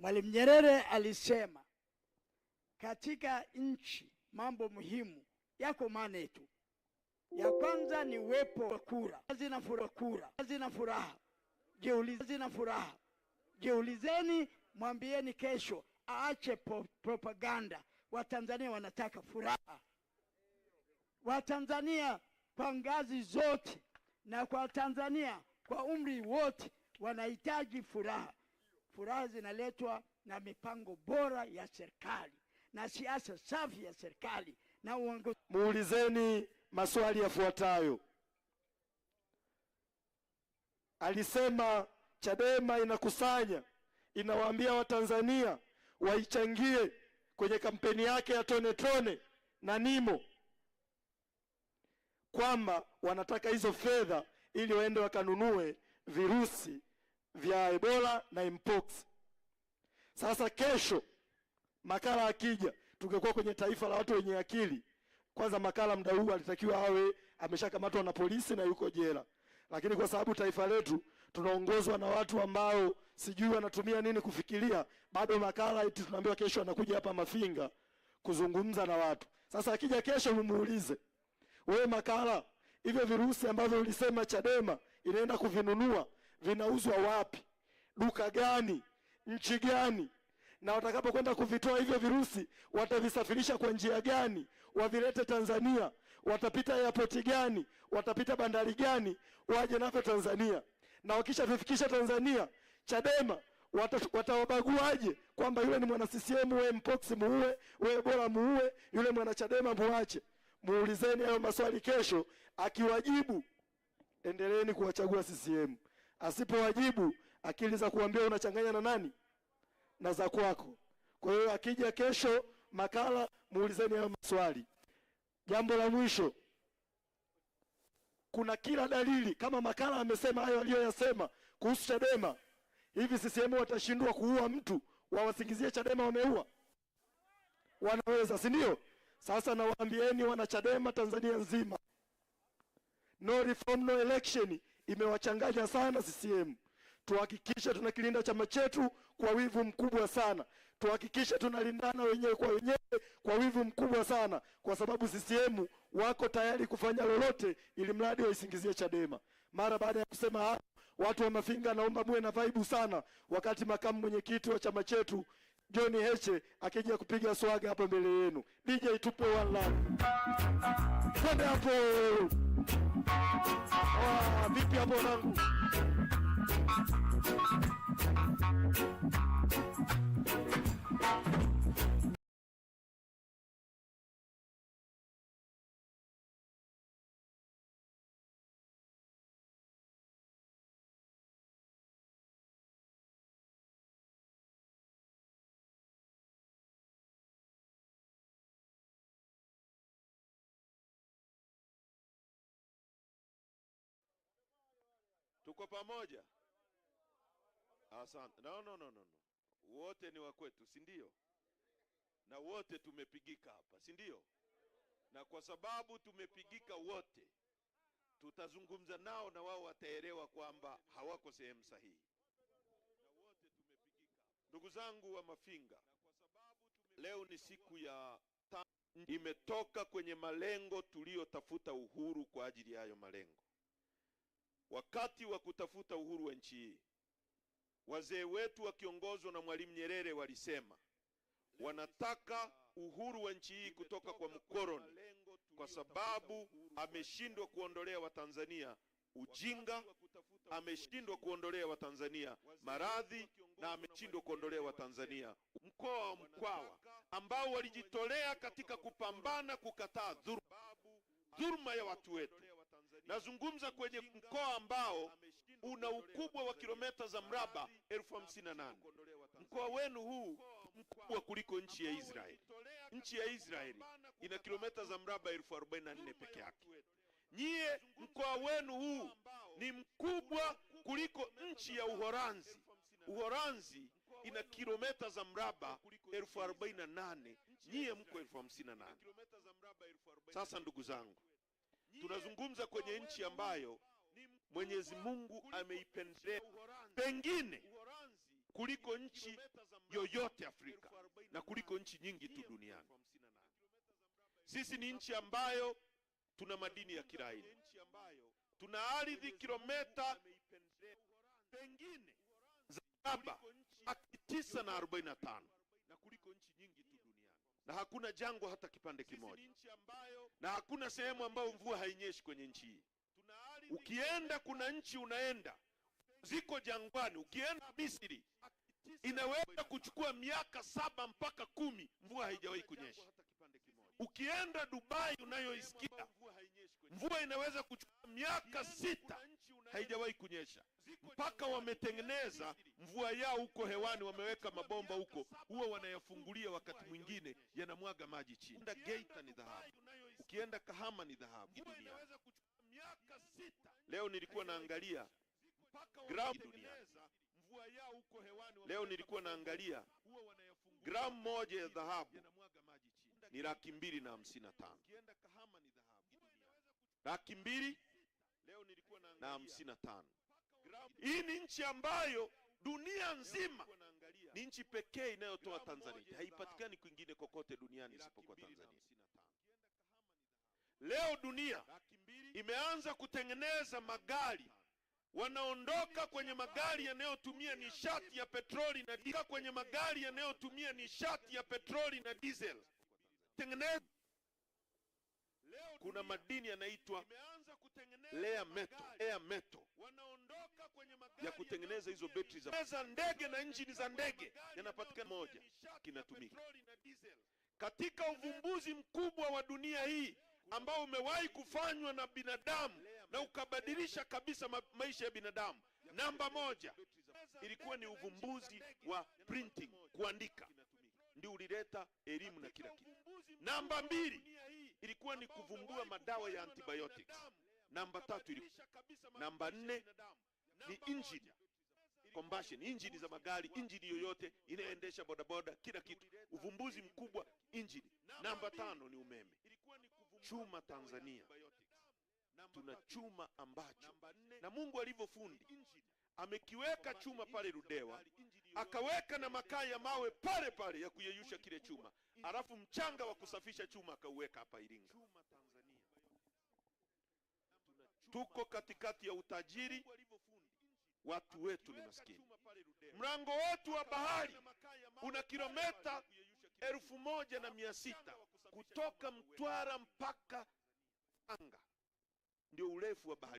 Mwalimu Nyerere alisema katika nchi mambo muhimu yako mane tu. Ya kwanza ni uwepo wa kura zina furaha, zina furaha. Jiulizeni furaha, jiulizeni, mwambieni kesho aache propaganda. Watanzania wanataka furaha, Watanzania kwa ngazi zote na kwa Tanzania kwa umri wote wanahitaji furaha. Furaha zinaletwa na mipango bora ya serikali na siasa safi ya serikali na uongozi. Muulizeni maswali yafuatayo. Alisema Chadema inakusanya, inawaambia Watanzania waichangie kwenye kampeni yake ya tone tone na Nimo kwamba wanataka hizo fedha ili waende wakanunue virusi vya Ebola na mpox. Sasa kesho Makala akija, tungekuwa kwenye taifa la watu wenye akili. Kwanza Makala muda huu alitakiwa awe ameshakamatwa na polisi na yuko jela, lakini kwa sababu taifa letu tunaongozwa na watu ambao sijui wanatumia nini kufikiria, bado Makala eti tunaambiwa kesho anakuja hapa Mafinga kuzungumza na watu. Sasa akija kesho, mumuulize wewe, Makala, hivyo virusi ambavyo ulisema Chadema inaenda kuvinunua vinauzwa wapi, duka gani, nchi gani, na watakapokwenda kuvitoa hivyo virusi watavisafirisha kwa njia gani, wavilete Tanzania, watapita airport gani, watapita bandari gani, waje navyo Tanzania, na wakishavifikisha Tanzania, Chadema watawabaguaje kwamba yule ni mwana CCM, wewe mpox muue, wewe bora muue, yule mwana Chadema muache. Muulizeni hayo maswali kesho, akiwajibu endeleeni kuwachagua CCM asipowajibu akili za kuambia unachanganya na nani na za kwako. Kwa hiyo akija kesho makala, muulizeni hayo maswali. Jambo la mwisho, kuna kila dalili kama makala amesema hayo aliyoyasema kuhusu Chadema. Hivi CCM watashindwa kuua mtu wawasingizie Chadema wameua? Wanaweza, si ndio? Sasa nawaambieni wana Chadema Tanzania nzima, no reform no election imewachanganya sana CCM. Tuhakikishe tunakilinda chama chetu kwa wivu mkubwa sana, tuhakikishe tunalindana wenyewe kwa wenyewe kwa wivu mkubwa sana, kwa sababu CCM wako tayari kufanya lolote ili mradi waisingizie Chadema. Mara baada ya kusema hapo, watu wa Mafinga, naomba muwe na vaibu sana wakati makamu mwenyekiti wa chama chetu John Heche akija kupiga swaga hapa mbele yenu. DJ tupe one love. Twende hapo. Ah, vipi hapo wanangu? kwa pamoja. Asante. No, no, no, no, no. Wote ni wa kwetu, si ndio? Na wote tumepigika hapa, si ndio? Na kwa sababu tumepigika wote, tutazungumza nao na wao wataelewa kwamba hawako sehemu sahihi. Ndugu zangu wa Mafinga, leo ni siku ya imetoka kwenye malengo tuliyotafuta uhuru kwa ajili ya hayo malengo. Wakati wa kutafuta uhuru wa nchi hii, wazee wetu wakiongozwa na Mwalimu Nyerere walisema wanataka uhuru wa nchi hii kutoka kwa mkoloni, kwa sababu ameshindwa kuondolea Watanzania ujinga, ameshindwa kuondolea Watanzania maradhi na ameshindwa kuondolea Watanzania mkoa wa Mkwawa ambao walijitolea katika kupambana kukataa dhuluma, dhuluma ya watu wetu. Nazungumza kwenye mkoa ambao una ukubwa wa kilomita za mraba elfu hamsini na nane. Mkoa wenu huu mkubwa kuliko nchi ya Israeli. Nchi ya Israeli ina kilomita za mraba elfu arobaini na nne peke yake. Nyie mkoa wenu huu ni mkubwa kuliko nchi ya Uholanzi. Uholanzi ina kilomita za mraba elfu arobaini na nane nyie mko elfu hamsini na nane. Sasa ndugu zangu Tunazungumza kwenye nchi ambayo Mwenyezi Mungu ameipendelea pengine kuliko nchi yoyote Afrika na kuliko nchi nyingi tu duniani. Sisi ni nchi ambayo tuna madini ya kiraini, tuna ardhi kilometa pengine za saba laki tisa na arobaini na tano na hakuna jangwa hata kipande kimoja, na hakuna sehemu ambayo mvua hainyeshi kwenye nchi hii. Ukienda kuna nchi unaenda ziko jangwani, ukienda Misri inaweza kuchukua miaka saba mpaka kumi mvua haijawahi kunyesha. Ukienda Dubai unayoisikia mvua inaweza kuchukua miaka sita haijawahi kunyesha mpaka wametengeneza mvua yao huko hewani, wameweka mabomba huko, huwa wanayafungulia, wakati mwingine yanamwaga maji chini. Ukienda Geita ni dhahabu, ukienda Kahama ni dhahabu Leo nilikuwa naangalia gramu leo nilikuwa naangalia gramu moja ya dhahabu ni laki mbili na hamsini na tano laki mbili na hamsini na tano. Hii ni nchi ambayo dunia nzima ni nchi pekee inayotoa Tanzania, haipatikani kwingine kokote duniani isipokuwa Tanzania. Leo dunia imeanza kutengeneza magari wanaondoka kwenye magari yanayotumia nishati ya petroli na kwenye magari yanayotumia nishati ya petroli na diesel. Tengeneza kuna madini yanaitwa lea meto, ea meto ya kutengeneza hizo betri za ndege na injini za ndege yanapatikana moja, kinatumika katika uvumbuzi mkubwa wa dunia hii ambao umewahi kufanywa na binadamu na ukabadilisha kabisa ma maisha ya binadamu. Namba moja ilikuwa ni uvumbuzi wa printing, kuandika, ndio ulileta elimu na kila kitu. Namba mbili ilikuwa ni kuvumbua madawa ya antibiotics Namba tatu ilikuwa, namba nne ni injini combustion, injini za magari, injini yoyote inayoendesha bodaboda, kila kitu, uvumbuzi mkubwa injini. Namba tano ni umeme, chuma. Tanzania tuna chuma ambacho na Mungu alivyofundi amekiweka chuma pale rudewa akaweka na makaa ya mawe pale pale ya kuyeyusha kile chuma, alafu mchanga wa kusafisha chuma akauweka hapa Iringa. Tuko katikati ya utajiri, watu wetu ni maskini. Mlango wetu wa bahari una kilometa elfu moja na mia sita kutoka Mtwara mpaka Tanga, ndio urefu wa bahari.